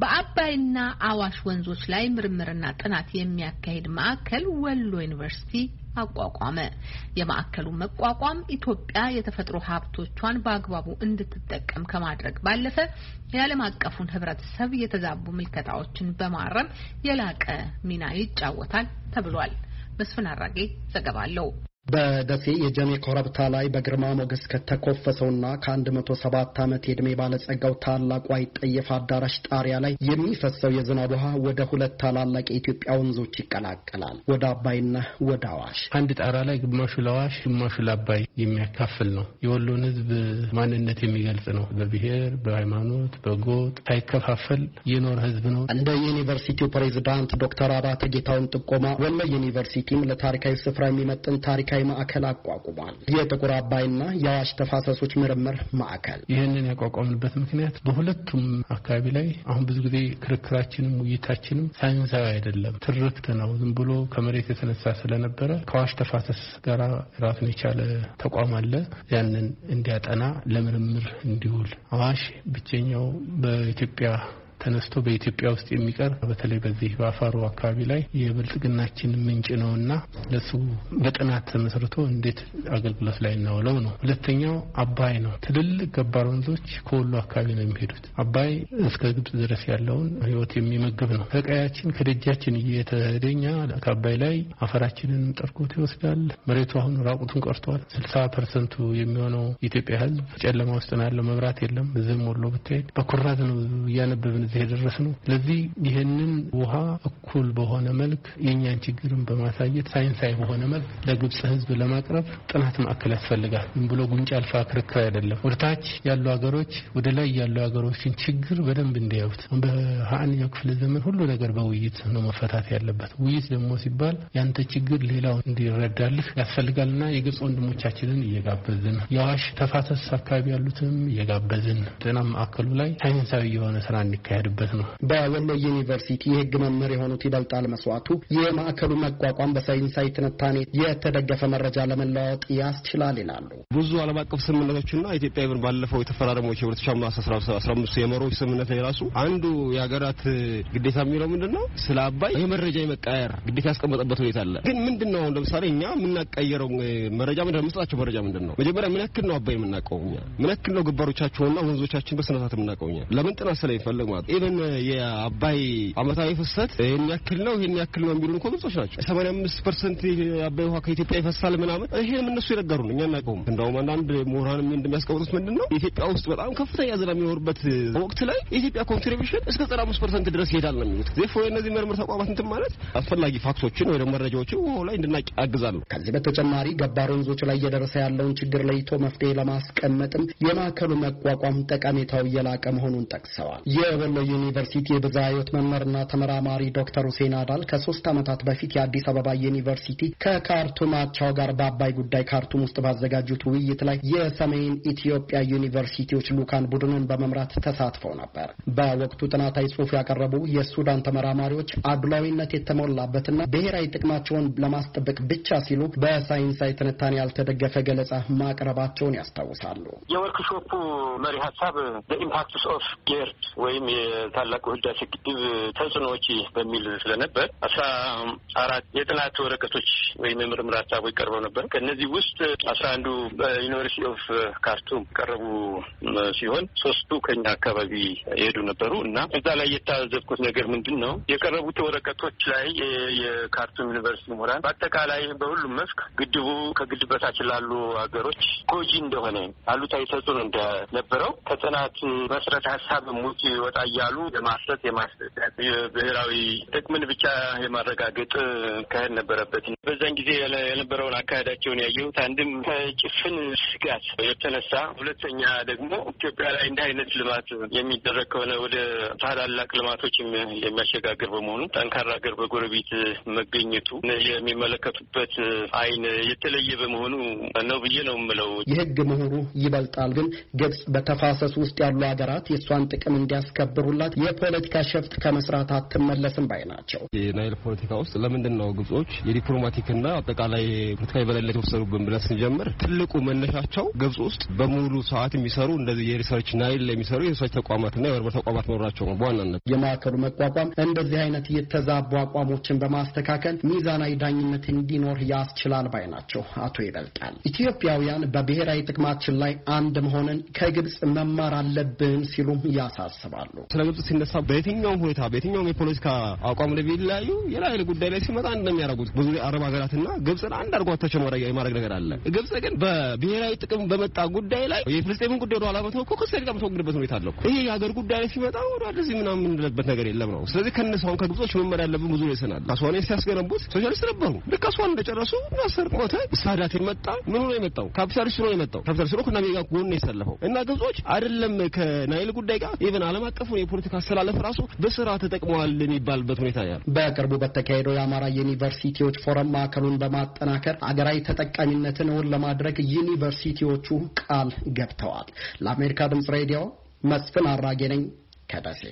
በአባይና አዋሽ ወንዞች ላይ ምርምርና ጥናት የሚያካሂድ ማዕከል ወሎ ዩኒቨርሲቲ አቋቋመ። የማዕከሉ መቋቋም ኢትዮጵያ የተፈጥሮ ሀብቶቿን በአግባቡ እንድትጠቀም ከማድረግ ባለፈ የዓለም አቀፉን ሕብረተሰብ የተዛቡ ምልከታዎችን በማረም የላቀ ሚና ይጫወታል ተብሏል። መስፍን አራጌ ዘገባ አለው። በደሴ የጀሜ ኮረብታ ላይ በግርማ ሞገስ ከተኮፈሰውና ከ107 ዓመት የዕድሜ ባለጸጋው ታላቁ አይጠየፍ አዳራሽ ጣሪያ ላይ የሚፈሰው የዝናብ ውሃ ወደ ሁለት ታላላቅ የኢትዮጵያ ወንዞች ይቀላቀላል፣ ወደ አባይና ወደ አዋሽ። አንድ ጣራ ላይ ግማሹ ለአዋሽ ግማሹ ለአባይ የሚያካፍል ነው። የወሎን ሕዝብ ማንነት የሚገልጽ ነው። በብሔር በሃይማኖት፣ በጎጥ ሳይከፋፈል የኖረ ሕዝብ ነው። እንደ ዩኒቨርሲቲው ፕሬዚዳንት ዶክተር አባተ ጌታውን ጥቆማ ወሎ ዩኒቨርሲቲም ለታሪካዊ ስፍራ የሚመጥን ታሪካ ተወካይ ማዕከል አቋቁሟል። የጥቁር አባይና የአዋሽ ተፋሰሶች ምርምር ማዕከል ይህንን ያቋቋምንበት ምክንያት በሁለቱም አካባቢ ላይ አሁን ብዙ ጊዜ ክርክራችንም ውይይታችንም ሳይንሳዊ አይደለም፣ ትርክት ነው። ዝም ብሎ ከመሬት የተነሳ ስለነበረ ከአዋሽ ተፋሰስ ጋር ራሱን የቻለ ተቋም አለ። ያንን እንዲያጠና ለምርምር እንዲውል አዋሽ ብቸኛው በኢትዮጵያ ተነስቶ በኢትዮጵያ ውስጥ የሚቀር በተለይ በዚህ በአፋሩ አካባቢ ላይ የብልጽግናችን ምንጭ እና ለሱ በጥናት ተመስርቶ እንዴት አገልግሎት ላይ እናውለው ነው። ሁለተኛው አባይ ነው። ትልልቅ ገባር ወንዞች ከወሎ አካባቢ ነው የሚሄዱት። አባይ እስከ ግብጽ ድረስ ያለውን ህይወት የሚመግብ ነው። ከቀያችን ከደጃችን እየተደኛ ከአባይ ላይ አፈራችንንም ጠርጎት ይወስዳል። መሬቱ አሁን ራቁቱን ቀርቷል። ስልሳ ፐርሰንቱ የሚሆነው ኢትዮጵያ ህዝብ ጨለማ ውስጥ ነው ያለው። መብራት የለም። እዚህም ወሎ ብታሄድ በኩራት ነው እያነበብን ደረጃ የደረስ ነው። ስለዚህ ይህንን ውሃ እኩል በሆነ መልክ የእኛን ችግርን በማሳየት ሳይንሳዊ በሆነ መልክ ለግብፅ ህዝብ ለማቅረብ ጥናት ማዕከል ያስፈልጋል። ዝም ብሎ ጉንጭ አልፋ ክርክር አይደለም። ወደ ታች ያሉ ሀገሮች ወደ ላይ ያሉ ሀገሮችን ችግር በደንብ እንዲያዩት። በሀያኛው ክፍለ ዘመን ሁሉ ነገር በውይይት ነው መፈታት ያለበት። ውይይት ደግሞ ሲባል ያንተ ችግር ሌላው እንዲረዳልህ ያስፈልጋልና የግብፅ ወንድሞቻችንን እየጋበዝን የአዋሽ ተፋሰስ አካባቢ ያሉትም እየጋበዝን ጤና ማዕከሉ ላይ ሳይንሳዊ የሆነ ስራ እንዲካሄድ የሚካሄድበት ነው። በወሎ ዩኒቨርሲቲ የህግ መምህር የሆኑት ይበልጣል መስዋዕቱ የማዕከሉ መቋቋም በሳይንሳዊ ትንታኔ የተደገፈ መረጃ ለመለዋወጥ ያስችላል ይላሉ። ብዙ ዓለም አቀፍ ስምምነቶችና ኢትዮጵያ ብን ባለፈው የተፈራረሞች የሁለት ሺ አስራ አምስት የመሪዎች ስምምነት ላይ ራሱ አንዱ የሀገራት ግዴታ የሚለው ምንድን ነው? ስለ አባይ የመረጃ የመቀያየር ግዴታ ያስቀመጠበት ሁኔታ አለ። ግን ምንድን ነው አሁን ለምሳሌ እኛ የምናቀየረው መረጃ ምንድ ነው? መረጃ ምንድን ነው? መጀመሪያ ምን ያክል ነው አባይ የምናውቀው እኛ? ምን ያክል ነው ግንባሮቻቸውና ወንዞቻችን በስነሳት የምናውቀው እኛ? ለምን ጥናት ስለሚፈለግ ማለት ኢቨን የአባይ አመታዊ ፍሰት ይህን ያክል ነው ይህን ያክል ነው የሚሉን እኮ ግልጾች ናቸው። ሰማንያ አምስት ፐርሰንት የአባይ ውሃ ከኢትዮጵያ ይፈሳል ምናምን፣ ይህንም እነሱ የነገሩን እኛ እናውቀውም። እንደውም አንዳንድ ምሁራን እንደሚያስቀምጡት ምንድን ነው ኢትዮጵያ ውስጥ በጣም ከፍተኛ ዝናብ የሚኖርበት ወቅት ላይ የኢትዮጵያ ኮንትሪቢሽን እስከ ዘጠና አምስት ፐርሰንት ድረስ ይሄዳል ነው የሚሉት። ዜፎ እነዚህ ምርምር ተቋማት እንትን ማለት አስፈላጊ ፋክቶችን ወይ መረጃዎችን ውሃው ላይ እንድናቅ ያግዛሉ። ከዚህ በተጨማሪ ገባር ወንዞች ላይ እየደረሰ ያለውን ችግር ለይቶ መፍትሄ ለማስቀመጥም የማዕከሉ መቋቋም ጠቀሜታው እየላቀ መሆኑን ጠቅሰዋል። ዩኒቨርሲቲ የብዝሃ ሕይወት መምህርና ተመራማሪ ዶክተር ሁሴን አዳል ከሶስት ዓመታት በፊት የአዲስ አበባ ዩኒቨርሲቲ ከካርቱም አቻው ጋር በአባይ ጉዳይ ካርቱም ውስጥ ባዘጋጁት ውይይት ላይ የሰሜን ኢትዮጵያ ዩኒቨርሲቲዎች ልኡካን ቡድንን በመምራት ተሳትፈው ነበር። በወቅቱ ጥናታዊ ጽሑፍ ያቀረቡ የሱዳን ተመራማሪዎች አድሏዊነት የተሞላበትና ብሔራዊ ጥቅማቸውን ለማስጠበቅ ብቻ ሲሉ በሳይንሳዊ ትንታኔ ያልተደገፈ ገለጻ ማቅረባቸውን ያስታውሳሉ። የወርክሾፑ መሪ ሀሳብ ኢምፓክትስ ኦፍ የእርድ ወይም የታላቁ ህዳሴ ግድብ ተጽዕኖዎች በሚል ስለነበር አስራ አራት የጥናት ወረቀቶች ወይም የምርምር ሀሳቦች ቀርበው ነበር። ከእነዚህ ውስጥ አስራ አንዱ በዩኒቨርሲቲ ኦፍ ካርቱም ቀረቡ ሲሆን ሶስቱ ከኛ አካባቢ የሄዱ ነበሩ እና እዛ ላይ የታዘብኩት ነገር ምንድን ነው የቀረቡት ወረቀቶች ላይ የካርቱም ዩኒቨርሲቲ ምሁራን በአጠቃላይ በሁሉም መስክ ግድቡ ከግድብ በታች ላሉ ሀገሮች ጎጂ እንደሆነ አሉታዊ ተጽዕኖ እንደነበረው ከጥናት መሰረተ ሀሳብ ውጭ ወጣ እያሉ የማሰት የማስጠት የብሔራዊ ጥቅምን ብቻ የማረጋገጥ አካሄድ ነበረበት። በዛን ጊዜ የነበረውን አካሄዳቸውን ያየሁት አንድም ከጭፍን ስጋት የተነሳ፣ ሁለተኛ ደግሞ ኢትዮጵያ ላይ እንደ አይነት ልማት የሚደረግ ከሆነ ወደ ታላላቅ ልማቶች የሚያሸጋግር በመሆኑ ጠንካራ ሀገር በጎረቤት መገኘቱ የሚመለከቱበት አይን የተለየ በመሆኑ ነው ብዬ ነው የምለው። የህግ ምሁሩ ይበልጣል ግን ግብጽ በተፋሰሱ ውስጥ ያሉ ሀገራት የእሷን ጥቅም እንዲያስከብሩ ሁላት የፖለቲካ ሸፍት ከመስራት አትመለስም ባይ ናቸው። የናይል ፖለቲካ ውስጥ ለምንድን ነው ግብጾች የዲፕሎማቲክና አጠቃላይ ፖለቲካ የበላይነት የወሰዱብን ብለን ስንጀምር ትልቁ መነሻቸው ግብጽ ውስጥ በሙሉ ሰዓት የሚሰሩ እንደዚህ የሪሰርች ናይል የሚሰሩ የሪሰርች ተቋማትና የምርምር ተቋማት መኖራቸው ነው በዋናነት የማዕከሉ መቋቋም እንደዚህ አይነት የተዛቡ አቋሞችን በማስተካከል ሚዛናዊ ዳኝነት እንዲኖር ያስችላል ባይ ናቸው አቶ ይበልጣል። ኢትዮጵያውያን በብሔራዊ ጥቅማችን ላይ አንድ መሆንን ከግብጽ መማር አለብን ሲሉም ያሳስባሉ። ስለ ግብጽ ሲነሳ በየትኛውም ሁኔታ በየትኛውም የፖለቲካ አቋም ላይ ቢለያዩ የናይል ጉዳይ ላይ ሲመጣ አንድ እንደሚያደርጉት ብዙ አረብ ሀገራትና ግብጽን አንድ አድርጓታቸው የማድረግ ነገር አለ። ግብጽ ግን በብሔራዊ ጥቅም በመጣ ጉዳይ ላይ የፍልስጤምን ጉዳይ ወደ ኋላ በተወኮ ከእስራኤል ደቂቃ መተወግድበት ሁኔታ አለ። ይሄ የሀገር ጉዳይ ላይ ሲመጣ ወደ አደዚህ ምናምን የምንለበት ነገር የለም ነው። ስለዚህ ከነሱ አሁን ከግብጾች መመር ያለብን ብዙ ይሰናል። አስዋኔን ሲያስገነቡት ሶሻሊስት ነበሩ። ልክ አስዋን እንደጨረሱ ናስር ሞተ። ሳዳት የመጣ ምኑ ነው የመጣው ካፒታሊስት ነው የመጣው ካፒታሊስት ነው ከአሜሪካ ጎን የሰለፈው እና ግብጾች አይደለም ከናይል ጉዳይ ጋር ኢቨን አለም አቀፉ የፖለቲካ አሰላለፍ ራሱ በስራ ተጠቅመዋል የሚባልበት ሁኔታ ያ በቅርቡ በተካሄደው የአማራ ዩኒቨርሲቲዎች ፎረም ማዕከሉን በማጠናከር አገራዊ ተጠቃሚነትን እውን ለማድረግ ዩኒቨርሲቲዎቹ ቃል ገብተዋል። ለአሜሪካ ድምጽ ሬዲዮ መስፍን አራጌ ነኝ ከደሴ።